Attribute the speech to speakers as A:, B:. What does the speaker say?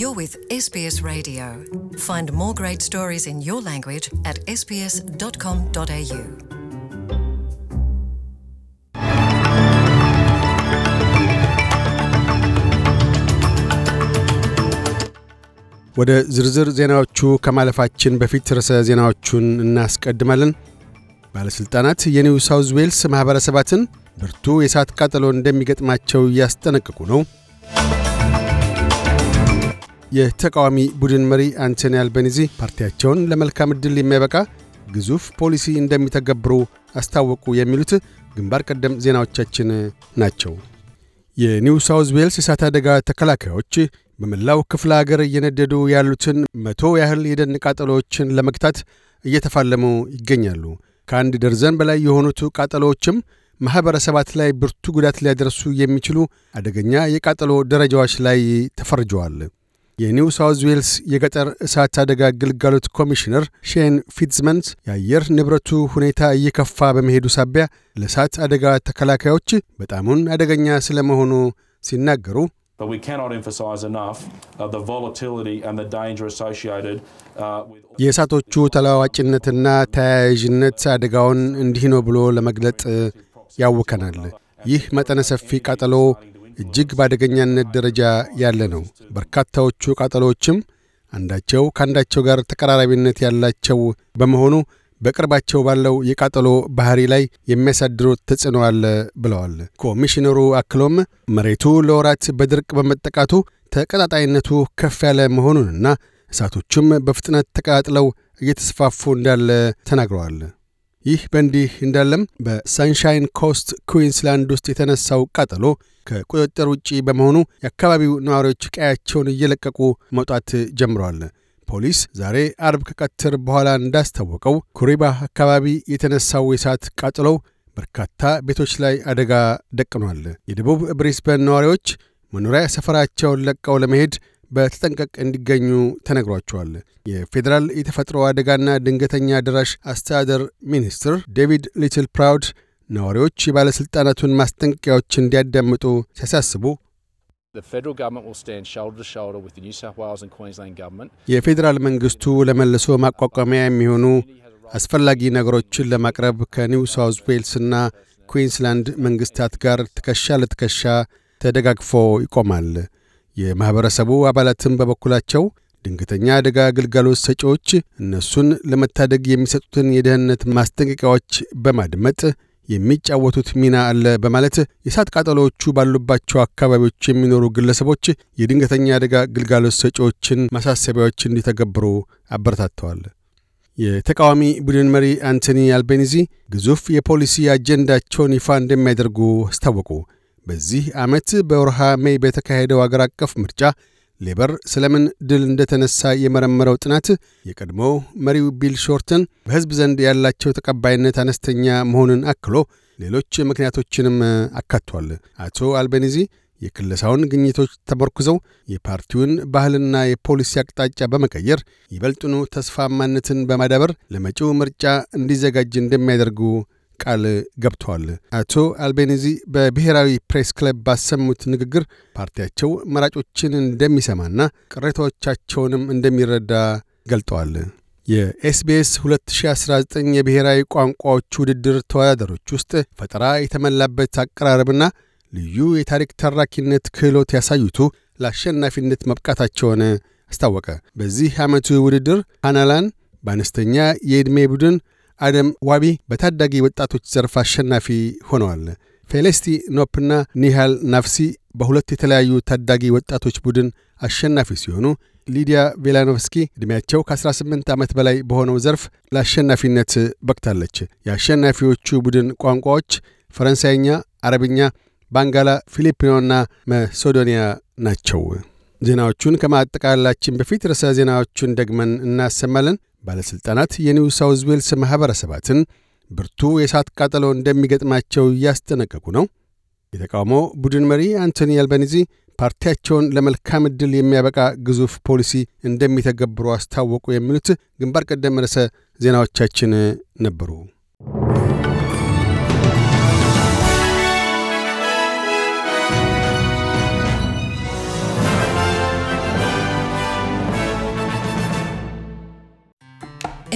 A: You're with SBS Radio. Find more great stories in your language at sbs.com.au. ወደ ዝርዝር ዜናዎቹ ከማለፋችን በፊት ርዕሰ ዜናዎቹን እናስቀድማለን። ባለሥልጣናት የኒው ሳውዝ ዌልስ ማኅበረሰባትን ብርቱ የእሳት ቃጠሎ እንደሚገጥማቸው እያስጠነቅቁ ነው። የተቃዋሚ ቡድን መሪ አንቶኒ አልቤኒዚ ፓርቲያቸውን ለመልካም ዕድል የሚያበቃ ግዙፍ ፖሊሲ እንደሚተገብሩ አስታወቁ የሚሉት ግንባር ቀደም ዜናዎቻችን ናቸው። የኒው ሳውዝ ዌልስ የእሳት አደጋ ተከላካዮች በመላው ክፍለ አገር እየነደዱ ያሉትን መቶ ያህል የደን ቃጠሎዎችን ለመግታት እየተፋለሙ ይገኛሉ። ከአንድ ደርዘን በላይ የሆኑት ቃጠሎዎችም ማኅበረሰባት ላይ ብርቱ ጉዳት ሊያደርሱ የሚችሉ አደገኛ የቃጠሎ ደረጃዎች ላይ ተፈርጀዋል። የኒው ሳውዝ ዌልስ የገጠር እሳት አደጋ ግልጋሎት ኮሚሽነር ሼን ፊትዝመንት የአየር ንብረቱ ሁኔታ እየከፋ በመሄዱ ሳቢያ ለእሳት አደጋ ተከላካዮች በጣሙን አደገኛ ስለመሆኑ ሲናገሩ uh, uh, የእሳቶቹ ተለዋዋጭነትና ተያያዥነት አደጋውን እንዲህ ነው ብሎ ለመግለጥ ያውከናል። ይህ መጠነ ሰፊ ቃጠሎ እጅግ በአደገኛነት ደረጃ ያለ ነው። በርካታዎቹ ቃጠሎዎችም አንዳቸው ከአንዳቸው ጋር ተቀራራቢነት ያላቸው በመሆኑ በቅርባቸው ባለው የቃጠሎ ባህሪ ላይ የሚያሳድሩት ተጽዕኖ አለ ብለዋል። ኮሚሽነሩ አክሎም መሬቱ ለወራት በድርቅ በመጠቃቱ ተቀጣጣይነቱ ከፍ ያለ መሆኑንና እሳቶቹም በፍጥነት ተቀጣጥለው እየተስፋፉ እንዳለ ተናግረዋል። ይህ በእንዲህ እንዳለም በሰንሻይን ኮስት ኩዊንስላንድ ውስጥ የተነሳው ቃጠሎ ከቁጥጥር ውጪ በመሆኑ የአካባቢው ነዋሪዎች ቀያቸውን እየለቀቁ መውጣት ጀምረዋል። ፖሊስ ዛሬ አርብ ከቀትር በኋላ እንዳስታወቀው ኩሪባ አካባቢ የተነሳው የእሳት ቃጠሎ በርካታ ቤቶች ላይ አደጋ ደቅኗል። የደቡብ ብሪስበን ነዋሪዎች መኖሪያ ሰፈራቸውን ለቀው ለመሄድ በተጠንቀቅ እንዲገኙ ተነግሯቸዋል። የፌዴራል የተፈጥሮ አደጋና ድንገተኛ ደራሽ አስተዳደር ሚኒስትር ዴቪድ ሊትል ፕራውድ ነዋሪዎች የባለሥልጣናቱን ማስጠንቀቂያዎች እንዲያዳምጡ ሲያሳስቡ የፌዴራል መንግሥቱ ለመልሶ ማቋቋሚያ የሚሆኑ አስፈላጊ ነገሮችን ለማቅረብ ከኒው ሳውዝ ዌልስና ኩዊንስላንድ መንግሥታት ጋር ትከሻ ለትከሻ ተደጋግፎ ይቆማል። የማኅበረሰቡ አባላትም በበኩላቸው ድንገተኛ አደጋ አገልጋሎት ሰጪዎች እነሱን ለመታደግ የሚሰጡትን የደህንነት ማስጠንቀቂያዎች በማድመጥ የሚጫወቱት ሚና አለ በማለት የእሳት ቃጠሎዎቹ ባሉባቸው አካባቢዎች የሚኖሩ ግለሰቦች የድንገተኛ አደጋ ግልጋሎት ሰጪዎችን ማሳሰቢያዎች እንዲተገብሩ አበረታተዋል። የተቃዋሚ ቡድን መሪ አንቶኒ አልቤኒዚ ግዙፍ የፖሊሲ አጀንዳቸውን ይፋ እንደሚያደርጉ አስታወቁ። በዚህ ዓመት በወርሃ ሜይ በተካሄደው አገር አቀፍ ምርጫ ሌበር ስለምን ድል እንደተነሳ የመረመረው ጥናት የቀድሞ መሪው ቢል ሾርተን በሕዝብ ዘንድ ያላቸው ተቀባይነት አነስተኛ መሆኑን አክሎ ሌሎች ምክንያቶችንም አካቷል። አቶ አልቤኒዚ የክለሳውን ግኝቶች ተመርኩዘው የፓርቲውን ባህልና የፖሊሲ አቅጣጫ በመቀየር ይበልጥኑ ተስፋማነትን በማዳበር ለመጪው ምርጫ እንዲዘጋጅ እንደሚያደርጉ ቃል ገብተዋል። አቶ አልቤኒዚ በብሔራዊ ፕሬስ ክለብ ባሰሙት ንግግር ፓርቲያቸው መራጮችን እንደሚሰማና ቅሬታዎቻቸውንም እንደሚረዳ ገልጠዋል። የኤስቢኤስ 2019 የብሔራዊ ቋንቋዎች ውድድር ተወዳዳሪዎች ውስጥ ፈጠራ የተሞላበት አቀራረብና ልዩ የታሪክ ተራኪነት ክህሎት ያሳዩቱ ለአሸናፊነት መብቃታቸውን አስታወቀ። በዚህ ዓመቱ ውድድር ሃናላን በአነስተኛ የዕድሜ ቡድን አደም ዋቢ በታዳጊ ወጣቶች ዘርፍ አሸናፊ ሆነዋል። ፌሌስቲ ኖፕና ኒሃል ናፍሲ በሁለት የተለያዩ ታዳጊ ወጣቶች ቡድን አሸናፊ ሲሆኑ ሊዲያ ቬላኖቭስኪ ዕድሜያቸው ከ18 ዓመት በላይ በሆነው ዘርፍ ለአሸናፊነት በቅታለች። የአሸናፊዎቹ ቡድን ቋንቋዎች ፈረንሳይኛ፣ አረብኛ፣ ባንጋላ፣ ፊሊፒኖና መሶዶኒያ ናቸው። ዜናዎቹን ከማጠቃላችን በፊት ርዕሰ ዜናዎቹን ደግመን እናሰማለን። ባለሥልጣናት የኒው ሳውዝ ዌልስ ማኅበረሰባትን ብርቱ የእሳት ቃጠሎ እንደሚገጥማቸው እያስጠነቀቁ ነው። የተቃውሞ ቡድን መሪ አንቶኒ አልባኒዚ ፓርቲያቸውን ለመልካም ዕድል የሚያበቃ ግዙፍ ፖሊሲ እንደሚተገብሩ አስታወቁ። የሚሉት ግንባር ቀደም ርዕሰ ዜናዎቻችን ነበሩ።